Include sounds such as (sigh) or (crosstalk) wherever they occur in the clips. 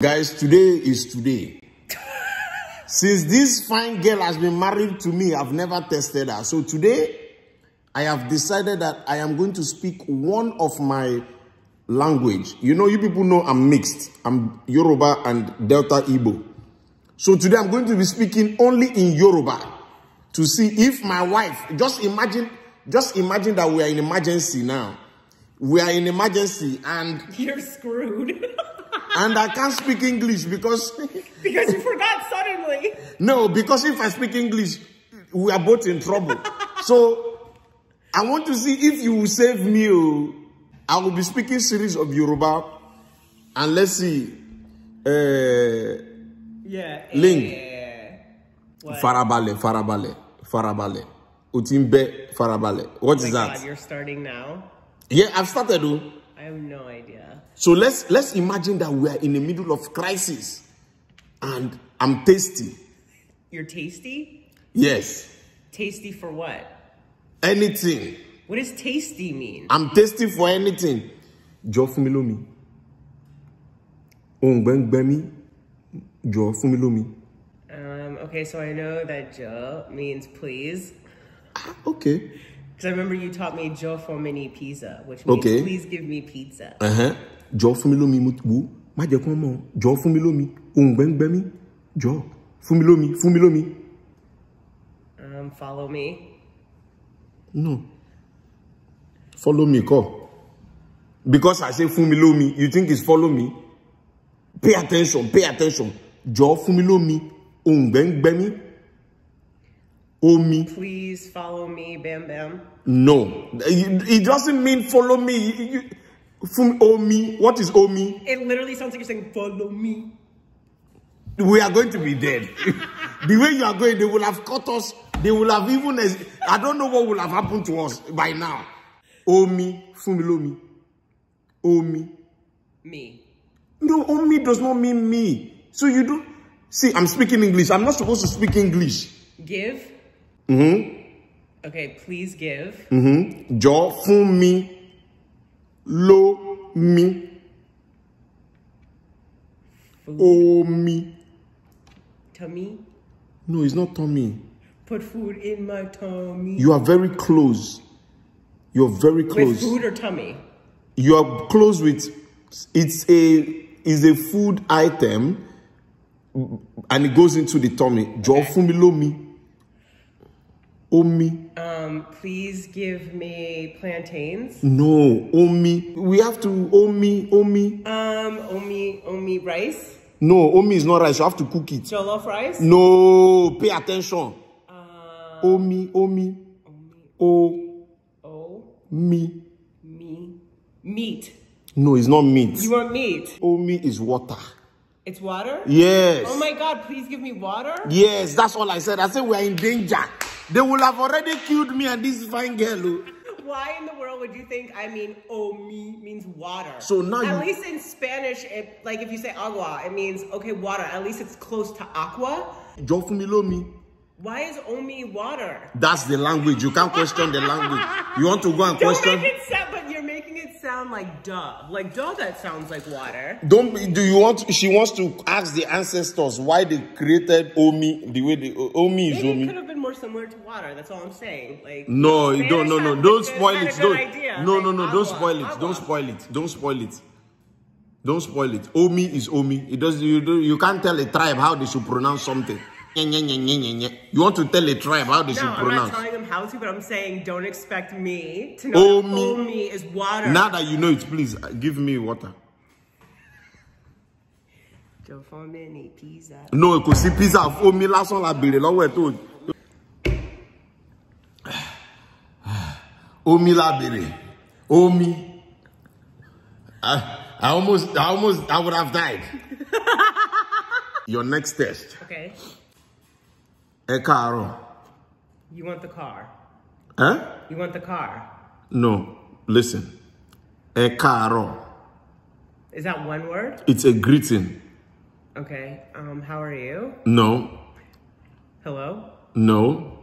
Guys, today is today. Since this fine girl has been married to me, I've never tested her. So today, I have decided that I am going to speak one of my language. You know, you people know I'm mixed. I'm Yoruba and Delta Igbo. So today I'm going to be speaking only in Yoruba to see if my wife, just imagine, just imagine that we are in emergency now. We are in emergency and... You're screwed and I can't speak English because. (laughs) because you forgot suddenly. No, because if I speak English, we are both in trouble. so I want to see if you will save me. Oh. I will be speaking series of Yoruba, and let's see. Uh, yeah. Ling. Farabale, farabale, farabale. Utimbe, farabale. What oh is that? God, you're starting now. Yeah, I've started. Ooh. I have no idea. So let's, let's imagine that we are in the middle of crisis and I'm tasty. You're tasty? Yes. Tasty for what? Anything. What does tasty mean? I'm tasty for anything. Jọ fún mi lómi. Um, okay, so I know that jọ means please. Ah, okay. Because I remember you taught me jọ for mini pizza, which means okay. please give me pizza. Uh-huh. jọ fún mi lómi mo wò má jẹ́ kán mọ̀ jọ fún mi lómi ohun gbẹ́ngbẹ́ mi jọ fún mi lómi fún mi lómi. Um, follow me. No. Follow me kọ́. Because I say fún mi lómi, you think it's follow me? Pay attention, pay attention. Jọ fún mi lómi, ohun gbẹ́ngbẹ́ mi. Omi. Please follow me, Bam Bam. No, it doesn't mean follow me. You, you, Follow Omi. What is Omi? It literally sounds like you're saying, follow me. We are going to be dead. (laughs) the way you are going, they will have caught us. They will have even, I don't know what will have happened to us by now. Omi, me. Omi. Me. No, Omi does not mean me. So you don't, see, I'm speaking English. I'm not supposed to speak English. Give. Mm-hmm. Okay, please give. Mm-hmm. Jo, me. Lomi. Omi. Tummy? No, it's not tummy. Put food in my tummy. You are very close. You're very close. With food or tummy? You are close with it's a is a food item and it goes into the tummy. Jọ lómi. Omi. Um, please give me plantains. No, omi. We have to omi, omi. Um, omi, omi rice. No, omi is not rice. You have to cook it. Jollof rice. No, pay attention. Um, uh, omi, omi, omi. O. O. me, Me. Meat. No, it's not meat. You want meat? Omi is water. It's water? Yes. Oh my God, please give me water? Yes, that's all I said. I said we are in danger. They will have already killed me and this fine girl. Oh. Why in the world would you think I mean omi oh, means water? So now at least in Spanish, it, like if you say agua, it means okay water. At least it's close to aqua. Yo Why is omi water? That's the language. You can't question the language. You want to go and (laughs) Don't question? Make it sound, but you're making it sound like duh. Like duh, that sounds like water. Don't. Do you want? She wants to ask the ancestors why they created omi the way the omi is omi more somewhere to water. That's all I'm saying. Like no, you don't. No, no, don't spoil it. Don't. No, no, no, don't spoil it. Don't spoil it. Don't spoil it. Don't spoil it. Omi is Omi. It does. You do, You can't tell a tribe how they should pronounce something. You want to tell a tribe how they no, should I'm pronounce. I'm not telling them how to, but I'm saying don't expect me to know Omi, Omi is water. Now that you know it, please uh, give me water. No, because sí pizza fún Omi last la I lọ́wọ́ ẹ̀ tó. Omi Labere. Omi. I, I almost, I almost, I would have died. (laughs) Your next test. Okay. A car. You want the car? Huh? You want the car? No. Listen. A car. Is that one word? It's a greeting. Okay. Um, how are you? No. Hello? No.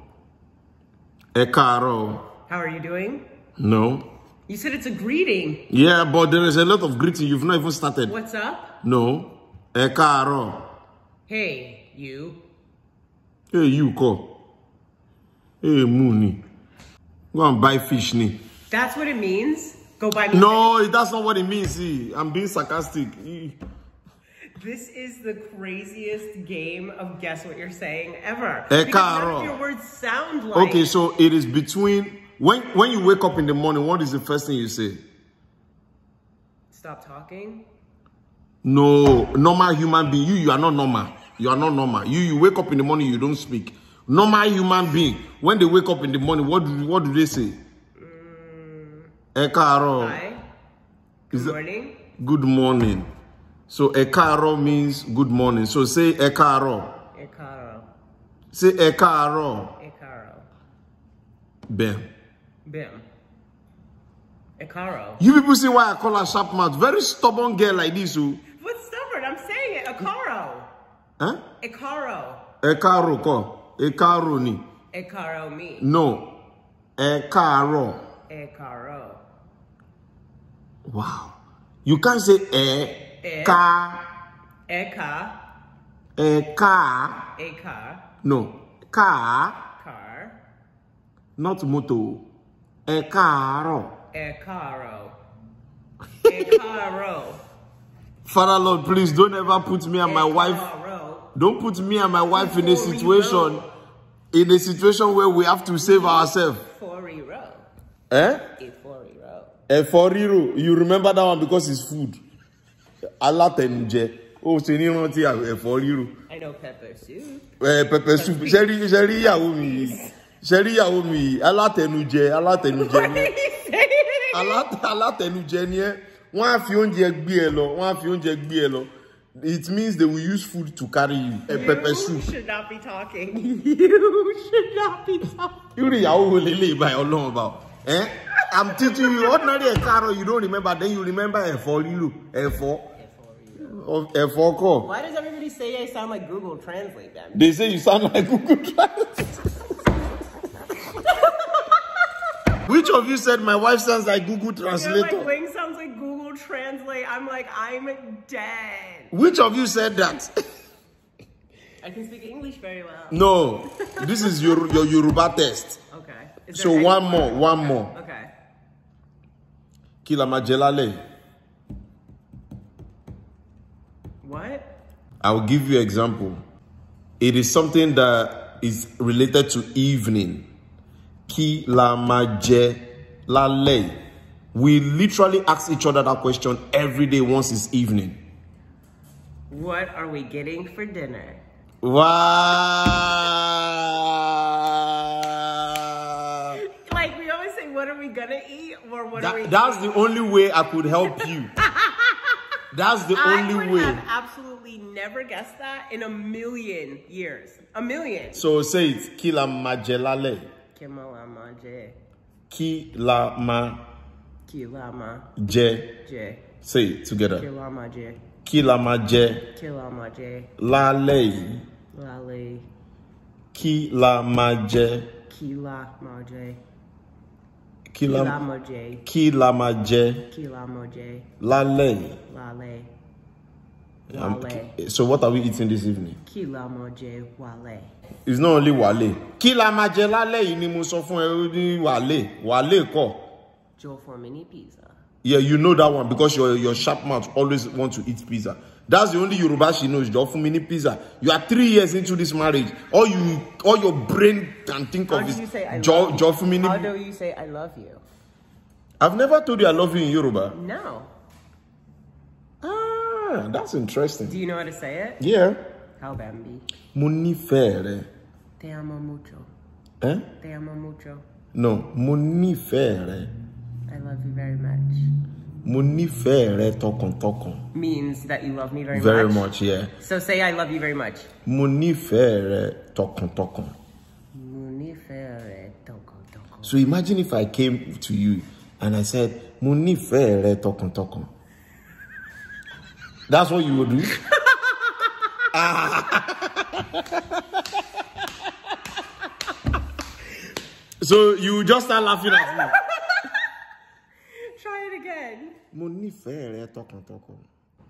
E caro. How are you doing? No. You said it's a greeting. Yeah, but there is a lot of greeting. You've not even started. What's up? No. Ẹ Hey, you. Hey, you kọ́. Hey, Mooney. Go and buy fish ni. That's what it means? Go buy me No, fish. that's not what it means. See, I'm being sarcastic. This is the craziest game of guess what you're saying ever. Ẹ your words sound like. Okay, so it is between when, when you wake up in the morning, what is the first thing you say? Stop talking. No, normal human being, you, you are not normal. You are not normal. You, you wake up in the morning, you don't speak. Normal human being, when they wake up in the morning, what do, what do they say? Mm, Hi. Good morning. That, good morning. So ekaro means good morning. So say ekaro. Ekaro. Say ekaro. Ekaro. Bam. Bam. Akaro. You people see why I call her sharp mouth. Very stubborn girl like this. Who? Oh. What's stubborn? I'm saying it. Akaro. Huh? Akaro. Akaro, ko. Akaro ni. Akaro me. No. Akaro. Akaro. Wow. You can't say e. Eka. Eka. Eka. Eka. No. Car. Car. Not moto. É caro. É caro. É (laughs) caro. Father Lord, please don't ever put me and my wife. Don't put me and my wife in a situation, in a situation where we have to save ourselves. Eforiro. Eh? Eforiro. four You remember that one because it's food. tenje. Oh, ṣe ní rántí ẹ̀fọ́ I know pepper soup. Eh, pepper soup. Ṣé rí ìyàwó ṣe rí ìyàwó mi yìí alátẹnujẹ alátẹnujẹ ni alátẹnujẹ ni ẹ wọn á fi oúnjẹ gbé ẹ lọ wọn á fi oúnjẹ gbé ẹ lọ it means they will use food to carry you ẹ pẹpẹ soup. you should not be talking (laughs) you should not be talking. irú ìyàwó wo lélẹ̀ ìbá ẹ̀ ọlọ́run bá ọ ẹ́ i'm teaching you ordinary ẹ̀ káàárọ̀ you don't remember then you remember ẹ̀fọ́ rírò ẹ̀fọ́. ẹ̀fọ́ kọ. why does everybody say I sound like Google Translate then? they say you sound like Google Translate. Which of you said my wife sounds like Google Translator? You're Wing sounds like Google Translate. I'm like, I'm dead. Which of you said that? I can speak English very well. No, this is your, your Yoruba test. Okay. So one more, one, one okay. more. Okay. Kilamajelale. What? I'll give you example. It is something that is related to evening kí lálẹ́ we literally ask each other that question every day once it's evening. What are we getting for dinner? Wow. like we always say, what are we gonna eat? Or what that, are we That's eating? the only way I could help you. (laughs) that's the I only way. I have absolutely never guessed that in a million years. A million. So say it, Kila Comment à manger. Qui la ma? Qui la ma? Je. Say it together. Qui la ma je. Qui la ma je. Qui la ma je. La lei. La lei. Qui la ma je. Qui la ma je. Qui la ma je. Qui la ma je. Qui la ma je. La lei. La lei. Um, so what are we eating this evening? Kí la máa It's not only wale. Kí la máa jẹ lálẹ́ yìí ni mo sọ fún ẹ ní wálé. Joe for mini pizza. Yeah, you know that one because your your sharp mouth always want to eat pizza. That's the only Yoruba she knows. Joe for mini pizza. You are three years into this marriage. All you all your brain can think How of is Joe Joe for mini. How do you say I love you? I've never told you I love you in Yoruba. No. Ah, that's interesting. Do you know how to say it? Yeah. How Bambi? Munifere. Te amo mucho. Eh? Te amo mucho. No, munifere. I love you very much. Munifere tokon tokon. Means that you love me very, very much. Very much, yeah. So say I love you very much. Munifere tokon tokon. Munifere tokon tokon. So imagine if I came to you and I said, Munifere tokon tokon. That's what you would do. (laughs) ah. so you just start laughing at me. Try it again. Mo nífẹ̀ẹ́ rẹ tọkàntọkàn.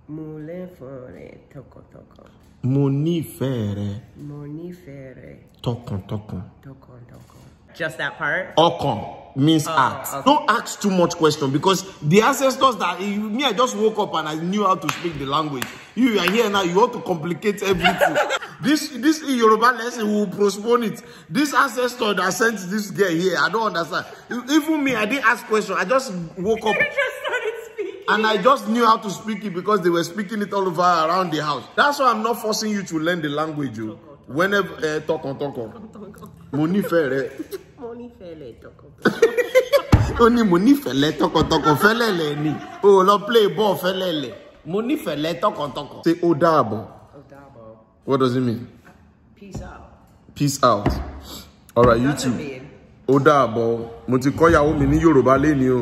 Mo lẹ́fọ̀ọ́ rẹ tọkàntọkàn. Mo nífẹ̀ẹ́ rẹ. Mo nífẹ̀ẹ́ rẹ. Tọkàntọkàn. Tọkàntọkàn. Just that part? Okom means oh, ask. Okay. Don't ask too much question because the ancestors that eh, me, I just woke up and I knew how to speak the language. You are here now, you want to complicate everything. (laughs) this this Yoruba lesson will postpone it. This ancestor that sent this girl here, I don't understand. Even me, I didn't ask question. I just woke up. (laughs) and I just knew how to speak it because they were speaking it all over around the house. That's why I'm not forcing you to learn the language. You. Oh. Whenever uh, talk on talk on. Money fair, mo nífẹ̀ẹ́ lẹ̀ tọkàntọkàn. (laughs) ó ní mo nífẹ̀ẹ́ lẹ̀ tọkàntọkàn fẹ́lẹ̀lẹ̀ ni o ò lọ play ball fẹ́lẹ̀lẹ̀ mo nífẹ̀ẹ́ lẹ̀ tọkàntọkàn. ṣé ó dáàbọ̀. ó dáàbọ̀. what does it mean. peace out. peace out. all right you too. ó dáàbọ̀ mo ti kọ́ ìyàwó mi ní yorùbá lẹ́ni o.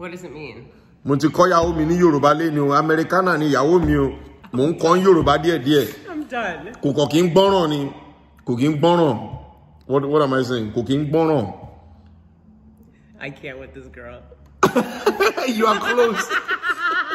what does it mean. mo ti kọ́ ìyàwó mi ní yorùbá lẹ́ni o amẹ́ríkánà ni ìyàwó mi o mò ń kọ́ yorùbá díẹ̀díẹ̀. i'm done. kò kọ̀ ni kò kí What what am I saying? Cooking bono. I can't with this girl. (laughs) you are close. (laughs)